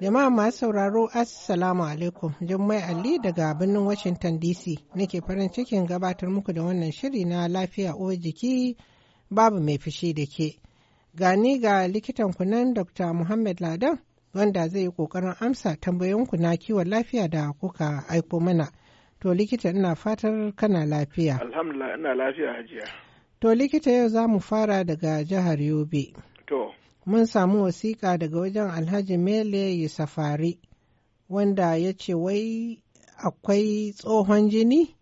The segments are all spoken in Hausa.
Jama'a masu sauraro Assalamu alaikum Jummai Ali daga birnin Washington DC nake farin cikin gabatar muku da wannan shiri na lafiya uwar jiki babu mai fushi da ke. Gani ga likitan kunan Dr. Muhammad Ladan wanda zai yi kokarin amsa ku na kiwon lafiya da kuka aiko mana. To likita ina fatar kana lafiya. Alhamdulillah ina lafiya hajiya. To likita yau za mu fara daga jihar Yobe. To. mun samu wasiƙa daga wajen alhaji mele ya safari wanda ya ce wai akwai tsohon jini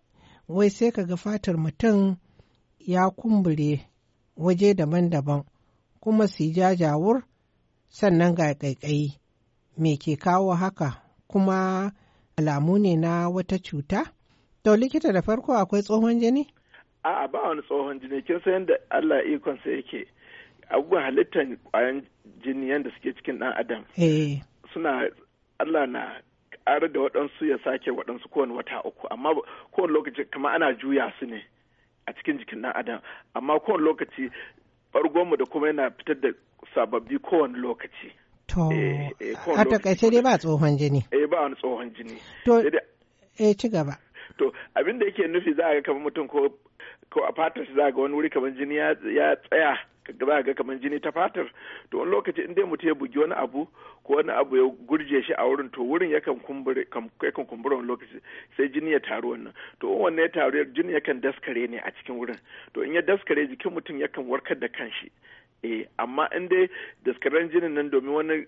wai sai ka ga fatar mutum ya kumbure waje daban-daban kuma su jajawur sannan ga ƙaiƙayi me ke kawo haka kuma alamu ne na wata cuta to likita da farko akwai tsohon jini a'a ba wani tsohon jini kin san yadda Allah ikonsa yake abubuwan halittar kwayan jini yadda suke cikin ɗan adam eh. suna Allah na ƙara da waɗansu ya sake waɗansu kowane wata uku amma kowane lokaci kama ana juya su ne a cikin jikin ɗan adam amma kowane lokaci bargonmu da kuma yana fitar da sababbi kowane lokaci. To, eh, eh, a takaice dai ba tsohon jini. Eh ba wani tsohon jini. To, eh ci gaba. To, abin da yake nufi za a ga kamar mutum ko a fatar shi za a ga wani wuri kamar jini ya tsaya ba ga kamar jini ta fatar to wani lokaci in dai mutum ya bugi wani abu ko wani abu ya gurje shi a wurin to wurin yakan kumbura yakan kumbura wani lokaci sai jini ya taru wannan to wannan ya taru jini yakan daskare ne a cikin wurin to in ya daskare jikin mutum yakan warkar da kanshi eh amma in dai daskaren jinin nan domin wani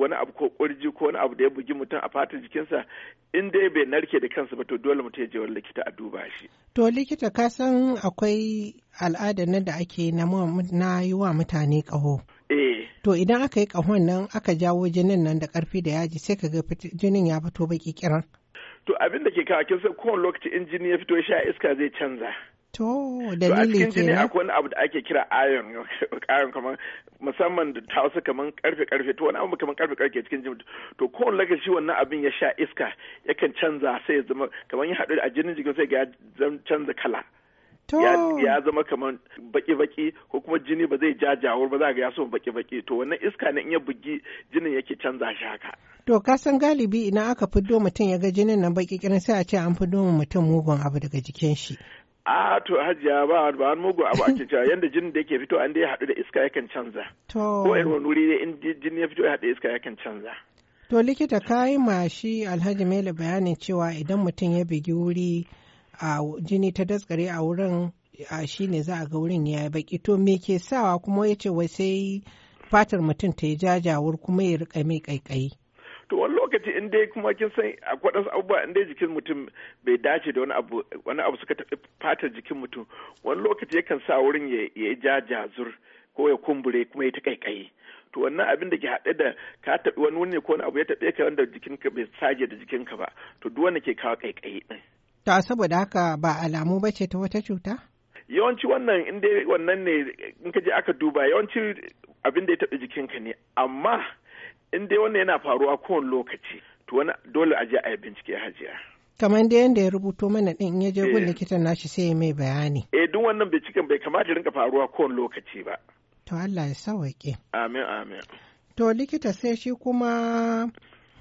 wani abu ko kurji ko wani abu da ya bugi mutum a fata jikinsa in dai bai narke da kansa ba to dole mutum ya je wani likita a duba shi. To likita ka san akwai al'adar nan da ake na yi wa mutane kaho. ƙaho. Eh. To idan aka yi ƙahon nan aka jawo jinin nan da ƙarfi da yaji sai ka ga jinin ya fito baki kiran. To abin da ke kawo kin san kowane lokaci in jini ya fito sha iska zai canza. To, dalili ke ne. akwai wani abu da ake kira iron, iron kamar musamman da ta wasu kamar karfe-karfe, to wani abu kamar karfe-karfe cikin jini. To, kowane lokaci wannan abin ya sha iska yakan canza sai ya zama kamar ya haɗu a jinin jikin sai ya canza kala. ya zama kamar baki-baki ko kuma jini ba zai jajawar ba za ga ya so baki-baki to wannan iska ne in ya bugi jinin yake canza shi haka. To ka san galibi idan aka fiddo mutum ya ga jinin nan baki kirin sai a ce an fiddo mutum mugun abu daga jikin shi. a to hajiya ba ba wani mugu abu ake cewa yanda jinin da yake fito an dai haɗu da iska yakan canza ko irin wani wuri in jini ya fito ya haɗu da iska yakan canza to likita ka yi ma shi alhaji mele bayanin cewa idan mutum ya bigi wuri a jini ta daskare a wurin a shi ne za a ga wurin ya baki to me ke sawa kuma ya ce wai sai fatar mutum ta yi jajawur kuma ya rika mai kaikayi to wani lokaci in dai kuma kin san a wasu abubuwa in dai jikin mutum bai dace da wani abu wani abu suka tafi fatar jikin mutum wani lokaci yakan sa wurin ya ja jazur ko ya kumbure kuma ya ta kaikayi to wannan abin da ke haɗe da ka taɓi wani wuni ko wani abu ya taɓe ka wanda jikinka bai sage da jikinka ba to duk wanda ke kawo kaikayi din to saboda haka ba alamu ba ce ta wata cuta yawanci wannan in dai wannan ne in ka je aka duba yawanci abin da ya taɓi jikinka ne amma in dai wannan yana faruwa kowane lokaci to wani dole a je a yi bincike hajiya kamar da yadda ya rubuto mana din ya je gun eh. likitan nashi sai ya mai bayani eh duk wannan binciken bai kamata rinka faruwa kowane lokaci ba to Allah ya sawaƙe amin amin to likita sai shi kuma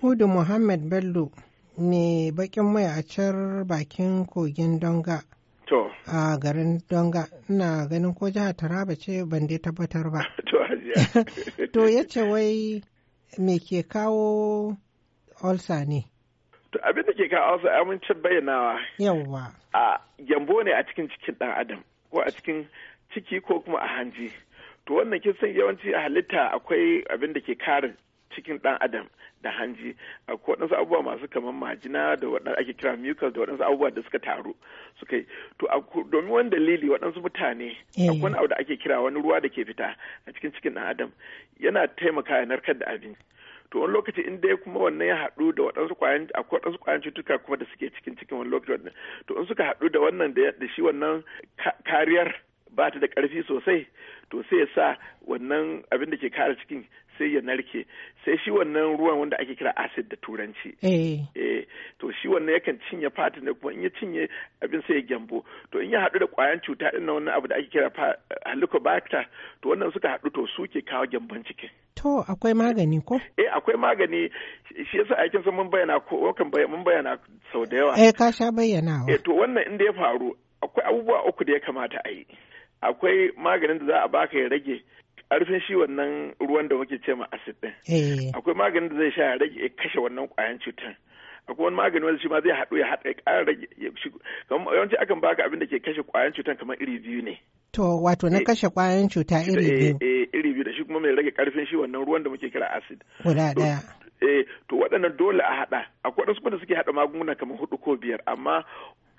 Hudu Muhammad Bello ne bakin mai a can bakin kogin Donga. To. A garin Donga, ina ganin ko jihar Taraba ce ban dai tabbatar ba. To ya ce wai me ke kawo ulcer ne? To abin da ke kawo ulcer amincin bayyanawa. Yawwa. A gyambo ne a cikin cikin ɗan adam ko a cikin ciki ko kuma a hanji. To wannan kin san yawanci a halitta akwai abin da ke kare cikin dan adam da hanji ko waɗansu abubuwa masu kamar majina da waɗanda ake kira mucus da waɗansu abubuwa da suka taru suka yi to domin wani dalili waɗansu mutane eh. akwai abu da ake kira wani ruwa da ke fita a cikin cikin dan adam yana taimaka ya narkar da abinci to wani lokaci in dai kuma wannan ya haɗu da waɗansu kwayan akwai waɗansu kwayan cututtuka kuma da suke cikin cikin wani lokaci wannan to in suka haɗu da wannan da shi wannan kariyar ba ta da ƙarfi sosai to sai ya sa wannan abin da ke kare cikin sai ya narke sai shi wannan ruwan wanda ake kira acid da turanci eh, eh to shi wannan yakan cinye fatin da kuma in ya cinye abin sai ya gyambo to in ya haɗu da ƙwayan cuta din na wannan abu da ake kira eh, helicobacter to wannan suka haɗu to suke kawo gyambon ciki to akwai magani ko eh akwai magani shi yasa aikin sa mun bayyana ko kan mun bayyana sau da yawa eh ka sha bayyana eh to wannan inda ya faru akwai abubuwa uku da ya kamata a yi akwai maganin da za a baka ya rage ƙarfin shi wannan ruwan da muke ce ma acid din eh. akwai maganin da zai sha ya rage ya kashe wannan ƙwayan cutar akwai wani magani wanda shi ma zai haɗu ya haɗa ya ƙara rage kamar yawanci akan baka abin da ke kashe ƙwayan cutar kamar iri biyu ne to wato na eh. kashe ƙwayan cuta eh, iri biyu eh iri biyu da shi kuma mai rage ƙarfin shi wannan ruwan da muke kira acid guda ɗaya eh to waɗannan dole a haɗa akwai wasu kuma da suke haɗa magunguna kamar hudu ko biyar amma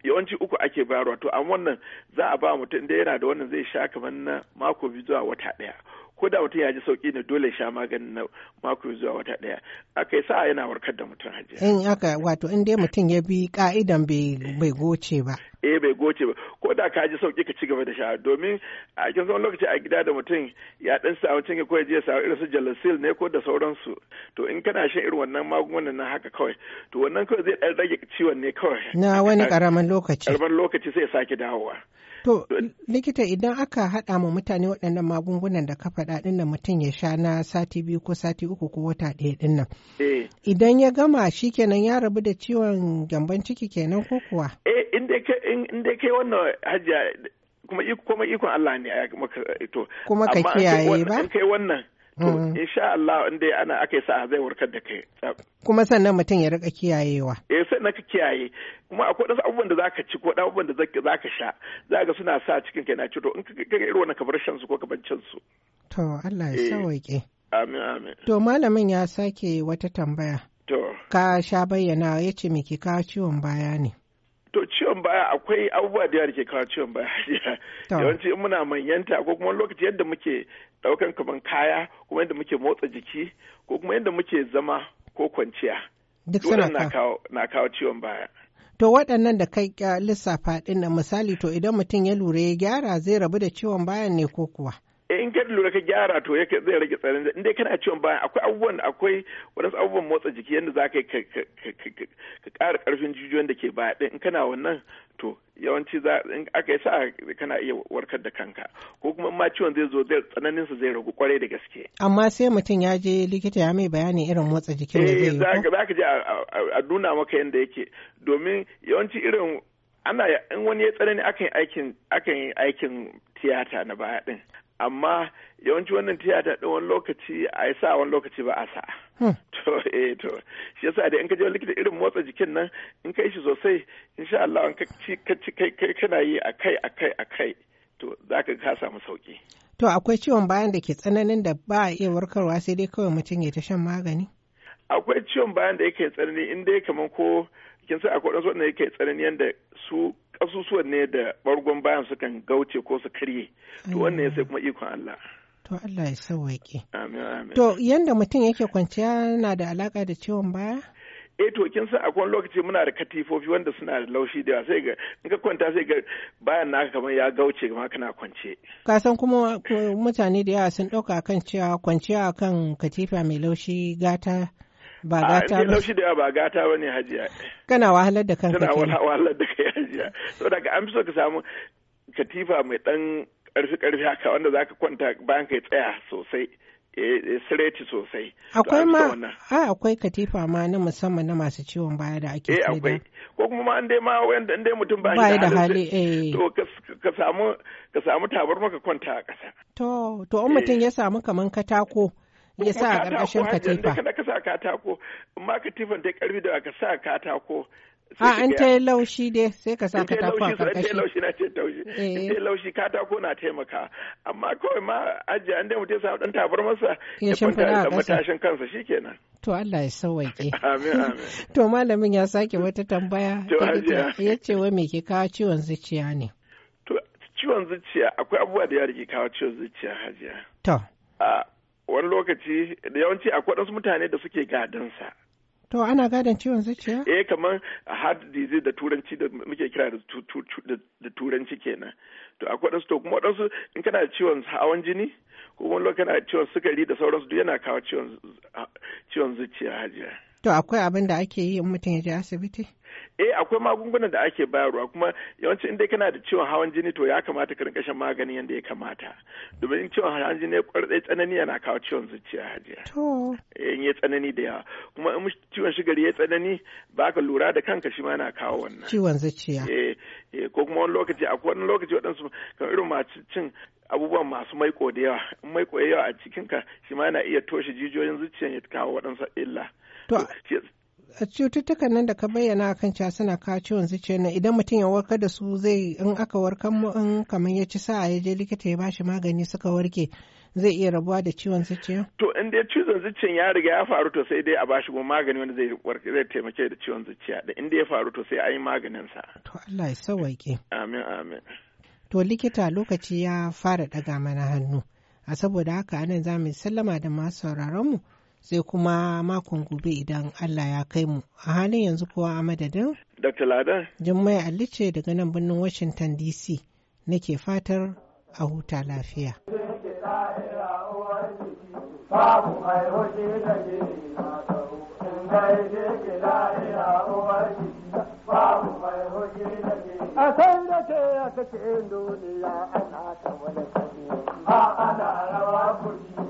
yawanci uku ake bayarwa to amma wannan za a ba mutum da yana da wannan zai sha kamar na mako biyu zuwa wata ɗaya ko da mutum ya ji sauki ne dole sha maganin na mako zuwa wata ɗaya aka yi sa'a yana warkar da mutum hajji. in aka wato in dai mutum ya bi ka'idan bai goce ba. eh bai goce ba ko da ka ji sauki ka ci gaba da sha domin a kin zo lokaci a gida da mutum ya dan samu cinye ko ya je sa irin su jalasil ne ko da sauransu to in kana shan irin wannan magungunan na haka kawai to wannan kawai zai dan rage ciwon ne kawai na wani karaman lokaci karaman lokaci sai ya sake dawowa To, likita idan aka haɗa ma mutane waɗannan magungunan da ka faɗa ɗin mutum ya sha na sati biyu ko sati uku ko wata ɗaya ɗin nan. Eh. Idan ya gama shi kenan ya rabu da ciwon gyamban ciki kenan ko kuwa? Eh, inda ke wannan hajiya kuma ikon Allah ne eh, a Kuma ka kiyaye ba? kai wannan. In mm. insha Allah in dai ana aka yi zai warkar da kai. Kuma sannan mutum ya rika kiyayewa. Eh sannan ka kiyaye. Kuma akwai wasu abubuwan da zaka ci ko abubuwan da zaka sha. Zaka suna sa cikin kai na ci in ka ga irin wannan kabar shan su ko kabar cin su. To Allah ya eh. sauke. Amin amin. To malamin ya sake wata tambaya. To. Ka sha bayyana ya ce me ke kawo ciwon baya ne. To ciwon baya akwai abubuwa da yawa ke kawo ciwon baya. Yawanci in muna manyanta ko kuma lokaci yadda muke ɗaukan kaman kaya kuma yadda muke motsa jiki ko kuma yadda muke zama ko kwanciya. Duk na kawo ciwon baya. To waɗannan da kai lissafa ɗin misali to idan mutum ya lura ya gyara zai rabu da ciwon bayan ne ko kuwa? in ka lura ka gyara to yake zai rage tsarin in dai kana ciwon baya akwai abubuwan akwai wadansu abubuwan motsa jiki yadda za ka ka ƙara ƙarfin jijiyoyin da ke baya ɗin in kana wannan to yawanci za in aka yi sa kana iya warkar da kanka ko kuma ma ciwon zai zo tsananin sa zai ragu kwarai da gaske amma sai mutum ya je likita ya mai bayani irin motsa jikin da zai yi eh, za ka je a nuna maka yadda yake domin yawanci irin ana in wani ya tsanani akan aikin aikin tiyata na baya din amma yawanci wannan tiyata ɗin wani lokaci a yi sa wani lokaci ba a sa. Hmm. To eh to shi yasa da in ka je wani likita irin motsa jikin nan in ka yi shi sosai sha Allah an ka ci kai kai kana yi akai akai akai to za ka ka samu sauki. To akwai ciwon bayan da ke tsananin da ba a iya warkarwa sai dai kawai mutum ya ta shan magani. Akwai ciwon bayan da yake tsanani in dai kamar ko kin san akwai wasu wanda yake tsanani yanda su kasusuwan ne da bargon bayan sukan gauce ko su karye to mm. wannan ya sai kuma ikon Allah to Allah ya sauwaƙe amin amin to yanda mutum yake kwanciya yana da alaka da ciwon baya eh to kin san akwai lokaci muna da katifofi wanda suna da laushi da sai ga in ka kwanta sai ga bayan naka kamar ya gauce kamar kana kwance ka san kuma mutane da yawa sun dauka kan cewa kwanciya kan katifa mai laushi gata ba gata ba laushi da ba gata bane hajiya kana wahalar da kanka kana wahalar da kai hajiya saboda daga an fi so ka samu katifa mai dan karfi karfi haka wanda zaka kwanta bayan kai tsaya sosai sireti sosai. Akwai ma, a akwai katifa ma na musamman na masu ciwon baya da ake Eh akwai, ko kuma ma dai ma wanda dai mutum ba da hali. eh. To ka samu ka samu tabarma ka kwanta a ƙasa. To, to in mutum eh. ya samu kaman katako. ya sa a ƙarƙashin katifa da ka sa katako katifan ta ƙarfi da ka sa katako ah, a an ta laushi dai sai ka sa katako a ƙarƙashi ta laushi na ce taushi ta eh. laushi katako na taimaka amma kawai ma ajiye an dai mutum sa dan tabar masa ya kwanta da matashin kansa kenan. To Allah ya sauwaƙe. Amin amin. To malamin ya sake wata tambaya. To hajiya. Ya ce wa me ke kawo ciwon zuciya ne? To ciwon zuciya akwai abubuwa da ya rike kawo ciwon zuciya hajiya. To. Ah, wani lokaci da yawanci akwai waɗansu mutane da suke gadansa To ana gadon ciwon zuciya? Eh kamar heart disease da turanci da muke kira da turanci kenan. To akwai waɗansu to kuma waɗansu in kana ciwon hawan jini ko wani lokaci kana ciwon sukari da sauransu duk yana kawo ciwon zuciya hajiya. To akwai abin da ake yi in mutum ya je asibiti? Eh akwai magungunan da ake bayarwa kuma yawanci dai kana da ciwon hawan jini to ya kamata ka rinka shan magani yadda ya kamata. Domin ciwon hawan jini ya kwarɗe tsanani yana kawo ciwon zuciya hajiya. To. Eh, in ya tsanani da yawa kuma in ciwon shigari ya tsanani ba ka lura da kanka shi ma yana kawo wannan. Ciwon zuciya. Eh, eh ko kuma wani lokaci akwai wani lokaci waɗansu kan irin masu cin abubuwan masu maiko da yawa in maiko yawa a cikinka shi ma yana iya toshe jijiyoyin zuciya ya kawo waɗansu illa. a cututtukan nan da ka bayyana kan cewa suna kawo ciwon zuciya na, idan mutum ya warkar da su zai in aka warkar mu in kamar ya ci sa'a ya je likita ya bashi magani suka warke zai iya rabuwa da ciwon zuciya to in dai ciwon zuciya ya riga ya faru to sai dai a bashi kuma magani wanda zai warke zai taimake da ciwon zuciya da in dai ya faru to sai a yi maganin sa to Allah ya sauwaƙe amin amin to likita lokaci ya fara daga mana hannu a saboda haka anan za mu sallama da masu sauraron mu sai kuma makon gobe idan Allah ya kai mu. A halin yanzu kuwa a madadin? Dr. Lada? Jummai Alice daga nan birnin Washington DC nake fatar a huta lafiya. A san da ke ya kace duniya ana ta wani kame, a ana rawa kuri.